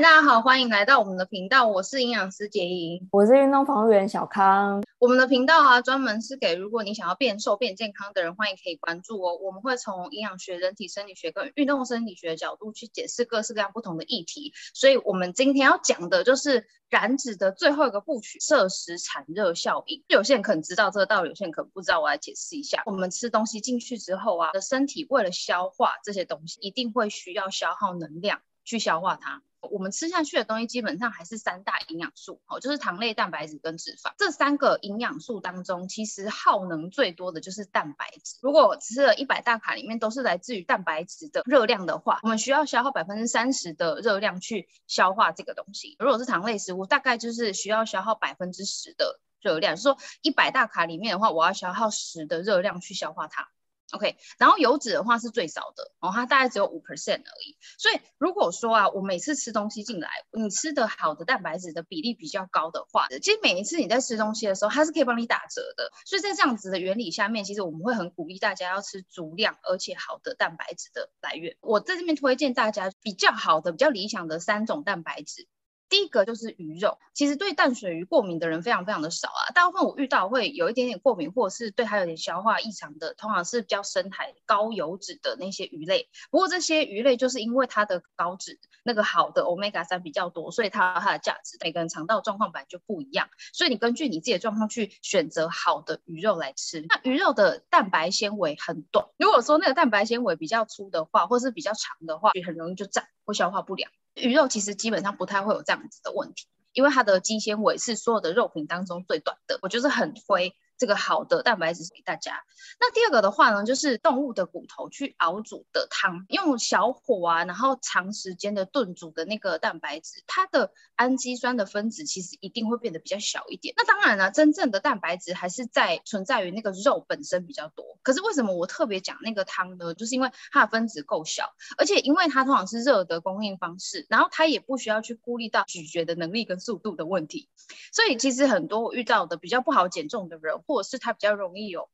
大家好，歡迎來到我們的頻道。我是營養師杰瑩，我是運動防護員小康。我們的頻道啊，專門是給如果你想要變瘦變健康的人，歡迎可以關注哦。我們會從營養學、人體生理學跟運動生理學的角度去解釋各式各樣不同的議題。所以我們今天要講的就是燃脂的最後一個部曲——攝食產熱效應。有些人可能知道這個道理，有些人可能不知道。我來解釋一下：我們吃東西進去之後啊，的身體為了消化這些東西，一定會需要消耗能量去消化它。我們吃下去的東西基本上還是三大營養素，哦，就是糖類、蛋白質跟脂肪。這三個營養素當中，其實耗能最多的就是蛋白質。如果我吃了一百大卡裡面都是來自於蛋白質的熱量的話，我們需要消耗百分之三十的熱量去消化這個東西。如果是糖類食物，大概就是需要消耗百分之十的熱量，就是說一百大卡裡面的話，我要消耗十的熱量去消化它。OK，然後油脂的話是最少的，哦，它大概只有五 percent 而已。所以如果說啊，我每次吃東西進來，你吃的好的蛋白質的比例比較高的話，其實每一次你在吃東西的時候，它是可以幫你打折的。所以在這樣子的原理下面，其實我們會很鼓勵大家要吃足量而且好的蛋白質的來源。我在這邊推薦大家比較好的、比較理想的三種蛋白質。第一個就是魚肉，其實對淡水魚過敏的人非常非常的少啊，大部分我遇到會有一點點過敏，或者是對它有點消化異常的，通常是比較深海高油脂的那些魚類。不過這些魚類就是因為它的高脂那個好的 omega 三比較多，所以它的它的價值，每個人腸道狀況本來就不一樣，所以你根據你自己的狀況去選擇好的魚肉來吃。那魚肉的蛋白纖維很短，如果說那個蛋白纖維比較粗的話，或是比較長的話，就很容易就脹會消化不良。魚肉其實基本上不太會有這樣子的問題，因為它的肌纖維是所有的肉品當中最短的。我就是很推這個好的蛋白質給大家。那第二個的話呢，就是動物的骨頭去熬煮的湯，用小火啊，然後長時間的燉煮的那個蛋白質，它的氨基酸的分子其實一定會變得比較小一點。那當然了啊，真正的蛋白質還是在存在於那個肉本身比較多。可是為什麼我特別講那個湯呢？就是因為它的分子夠小，而且因為它通常是熱的供應方式，然後它也不需要去顧慮到咀嚼的能力跟速度的問題。所以其實很多我遇到的比較不好減重的人，或者是他比較容易有。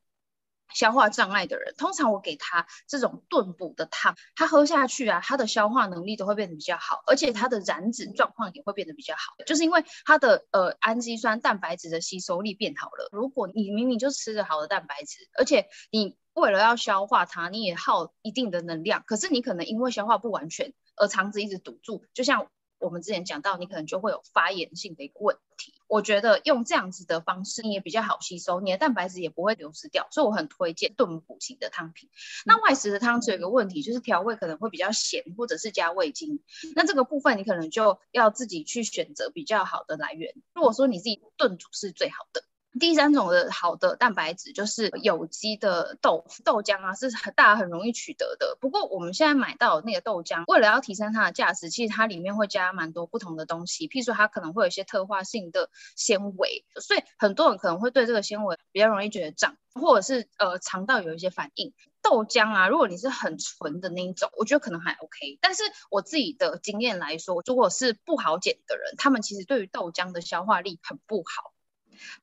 消化障礙的人，通常我給他這種燉補的湯，他喝下去啊，他的消化能力都會變得比較好，而且他的燃脂狀況也會變得比較好，就是因為他的呃氨基酸、蛋白質的吸收力變好了。如果你明明就吃着好的蛋白質，而且你為了要消化它，你也耗一定的能量，可是你可能因為消化不完全而腸子一直堵住，就像。我們之前講到，你可能就會有發炎性的一個問題。我覺得用這樣子的方式，你也比較好吸收，你的蛋白質也不會流失掉，所以我很推薦燉補型的湯品。那外食的湯只有一個問題，就是調味可能會比較鹹，或者是加味精。那這個部分你可能就要自己去選擇比較好的來源。如果說你自己燉煮是最好的。第三種的好的蛋白質就是有機的豆豆漿啊，是很大家很容易取得的。不過我們現在買到那個豆漿，為了要提升它的價值，其實它裡面會加蠻多不同的東西，譬如說它可能會有一些特化性的纖維，所以很多人可能會對這個纖維比較容易覺得脹，或者是呃腸道有一些反應。豆漿啊，如果你是很純的那一種，我覺得可能還 OK。但是我自己的經驗來說，如果是不好減的人，他們其實對於豆漿的消化力很不好。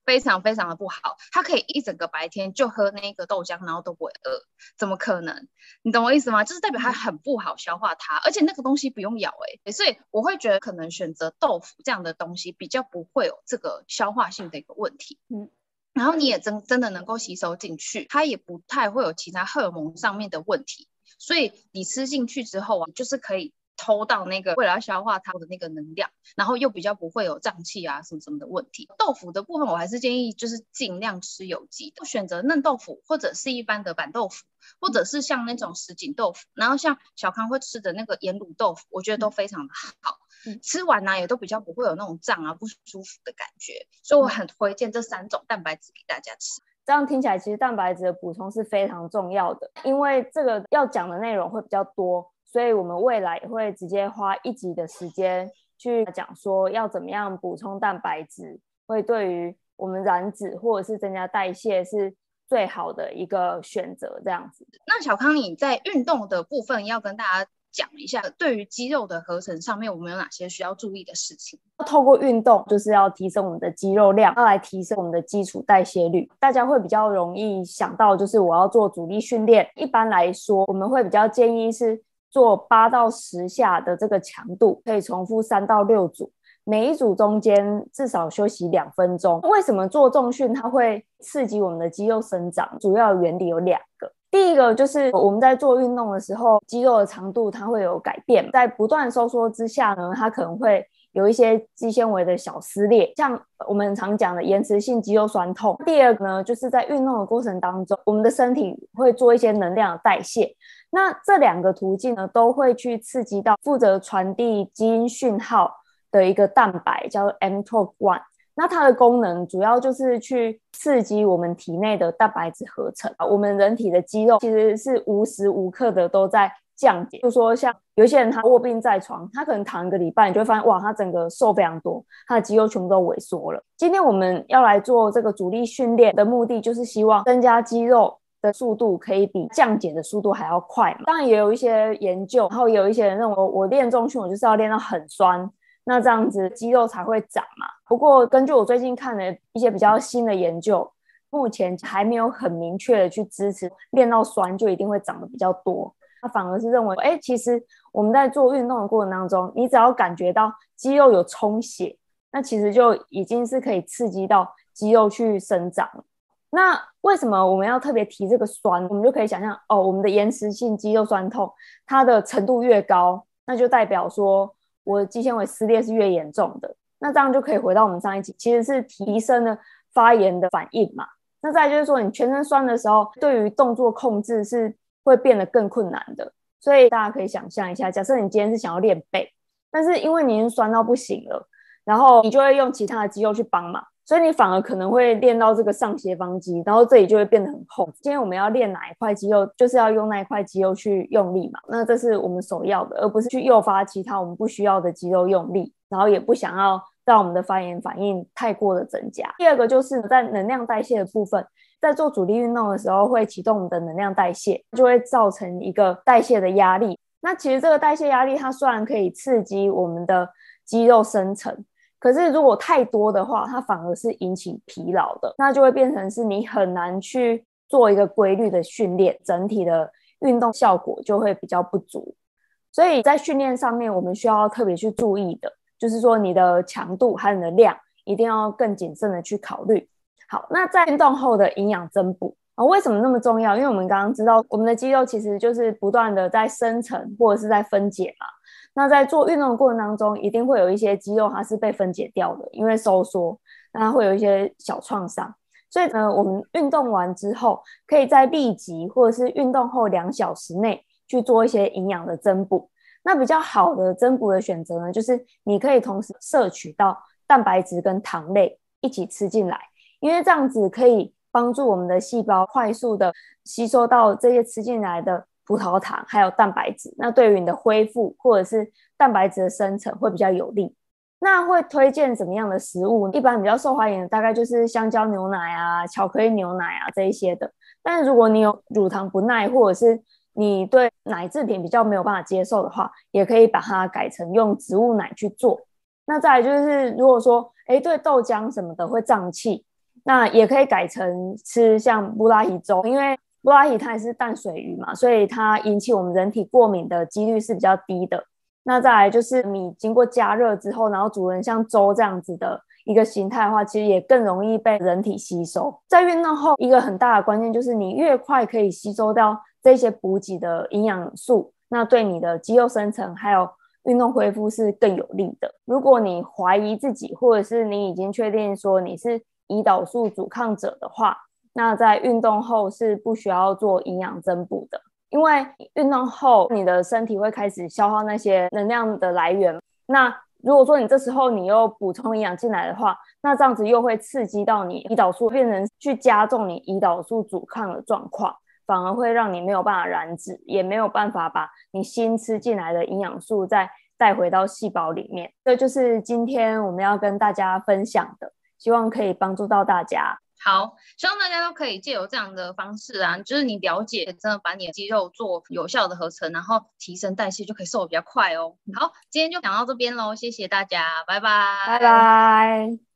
非常非常的不好，他可以一整個白天就喝那一個豆漿，然後都不會餓，怎麼可能？你懂我意思嗎？就是代表他很不好消化它，而且那個東西不用咬誒、欸，所以我會覺得可能選擇豆腐這樣的東西比較不會有這個消化性的一個問題，嗯，然後你也真真的能夠吸收進去，它也不太會有其他荷爾蒙上面的問題，所以你吃進去之後啊，就是可以。偷到那個，為了要消化它的那個能量，然後又比較不會有脹氣啊什麼什麼的問題。豆腐的部分，我還是建議就是儘量吃有機，的，選擇嫩豆腐，或者是一般的板豆腐，或者是像那種石錦豆腐。然後像小康會吃的那個鹽滷豆腐，我覺得都非常的好，嗯、吃完呢、啊、也都比較不會有那種脹啊不舒服的感覺，所以我很推薦這三種蛋白質給大家吃。這樣聽起來，其實蛋白質的補充是非常重要的，因為這個要講的內容會比較多。所以我們未來會直接花一集的時間去講說要怎麼樣補充蛋白質，會對於我們燃脂或者是增加代謝是最好的一個選擇。這樣子，那小康你在運動的部分要跟大家講一下，對於肌肉的合成上面，我們有哪些需要注意的事情？要透過運動就是要提升我們的肌肉量，要來提升我們的基礎代謝率。大家會比較容易想到就是我要做阻力訓練。一般來說，我們會比較建議是。做八到十下的這個強度，可以重複三到六組，每一組中間至少休息兩分鐘。為什麼做重訓它會刺激我們的肌肉生長？主要原理有兩個，第一個就是我們在做運動的時候，肌肉的長度它會有改變，在不斷收縮之下呢，它可能會有一些肌纖維的小撕裂，像我們常講的延遲性肌肉痠痛。第二個呢，就是在運動的過程當中，我們的身體會做一些能量的代謝。那這兩個途徑呢，都會去刺激到負責傳遞基因訊號的一個蛋白，叫 mTOR one。那它的功能主要就是去刺激我們體內的蛋白質合成。我們人體的肌肉其實是無時無刻的都在降解，就說像有些人他臥病在床，他可能躺一個禮拜，你就會發現哇，他整個瘦非常多，他的肌肉全部都萎縮了。今天我們要來做這個阻力訓練的目的，就是希望增加肌肉，速度可以比降解的速度還要快嘛？當然也有一些研究，然後也有一些人認為，我練重訓，我就是要練到很酸，那這樣子肌肉才會長嘛。不過根據我最近看的一些比較新的研究，目前還沒有很明確的去支持練到酸就一定會長得比較多。他反而是認為，哎，其實我們在做運動的過程當中，你只要感覺到肌肉有充血，那其實就已經是可以刺激到肌肉去生長。那為什麼我們要特別提這個酸？我們就可以想象哦，我們的延遲性肌肉酸痛，它的程度越高，那就代表說我的肌纖維撕裂是越嚴重的。那這樣就可以回到我們上一集，其實是提升了發炎的反應嘛。那再就是說，你全身酸的時候，對於動作控制是會變得更困難的。所以大家可以想象一下，假設你今天是想要練背，但是因為你已經酸到不行了，然後你就會用其他的肌肉去幫忙。所以你反而可能會練到這個上斜方肌，然後這裡就會變得很厚。今天我們要練哪一塊肌肉，就是要用那一塊肌肉去用力嘛。那這是我們首要的，而不是去誘發其他我們不需要的肌肉用力，然後也不想要讓我們的發炎反應太過的增加。第二個就是在能量代謝的部分，在做主力運動的時候會啟動我們的能量代謝，就會造成一個代謝的壓力。那其實這個代謝壓力它雖然可以刺激我們的肌肉生成。可是，如果太多的話，它反而是引起疲勞的，那就會變成是你很難去做一個規律的訓練，整體的運動效果就會比較不足。所以在訓練上面，我們需要特別去注意的，就是說你的強度和你的量一定要更謹慎的去考慮。好，那在運動後的營養增補啊、哦，為什麼那麼重要？因為我們剛剛知道，我們的肌肉其實就是不斷的在生成或者是在分解嘛。那在做運動的過程當中，一定會有一些肌肉它是被分解掉的，因為收縮，那它會有一些小創傷。所以呢，我們運動完之後，可以在立即或者是運動後兩小時內去做一些營養的增補。那比較好的增補的選擇呢，就是你可以同時攝取到蛋白質跟糖類一起吃進來，因為這樣子可以幫助我們的細胞快速的吸收到這些吃進來的。葡萄糖還有蛋白質，那對於你的恢復或者是蛋白質的生成會比較有利。那會推薦什麼樣的食物？一般比較受歡迎的大概就是香蕉牛奶啊、巧克力牛奶啊這一些的。但是如果你有乳糖不耐，或者是你對奶制品比較沒有辦法接受的話，也可以把它改成用植物奶去做。那再來就是，如果說哎對豆漿什麼的會脹氣，那也可以改成吃像布拉提粥，因為。布拉吉它也是淡水魚嘛，所以它引起我們人體過敏的幾率是比較低的。那再來就是你經過加熱之後，然後煮成像粥這樣子的一個形態的話，其實也更容易被人體吸收。在運動後，一個很大的關鍵就是你越快可以吸收掉這些補給的營養素，那對你的肌肉生成還有運動恢復是更有利的。如果你懷疑自己，或者是你已經確定說你是胰島素阻抗者的話，那在運動後是不需要做營養增補的，因為運動後你的身體會開始消耗那些能量的來源。那如果說你這時候你又補充營養進來的話，那這樣子又會刺激到你胰島素，變成去加重你胰島素阻抗的狀況，反而會讓你沒有辦法燃脂，也沒有辦法把你新吃進來的營養素再帶回到細胞裡面。這就是今天我們要跟大家分享的，希望可以幫助到大家。好，希望大家都可以借由這樣的方式啊，就是你了解，真的把你的肌肉做有效的合成，然後提升代謝，就可以瘦得比較快哦。好，今天就講到這邊嘍，謝謝大家，拜拜，拜拜。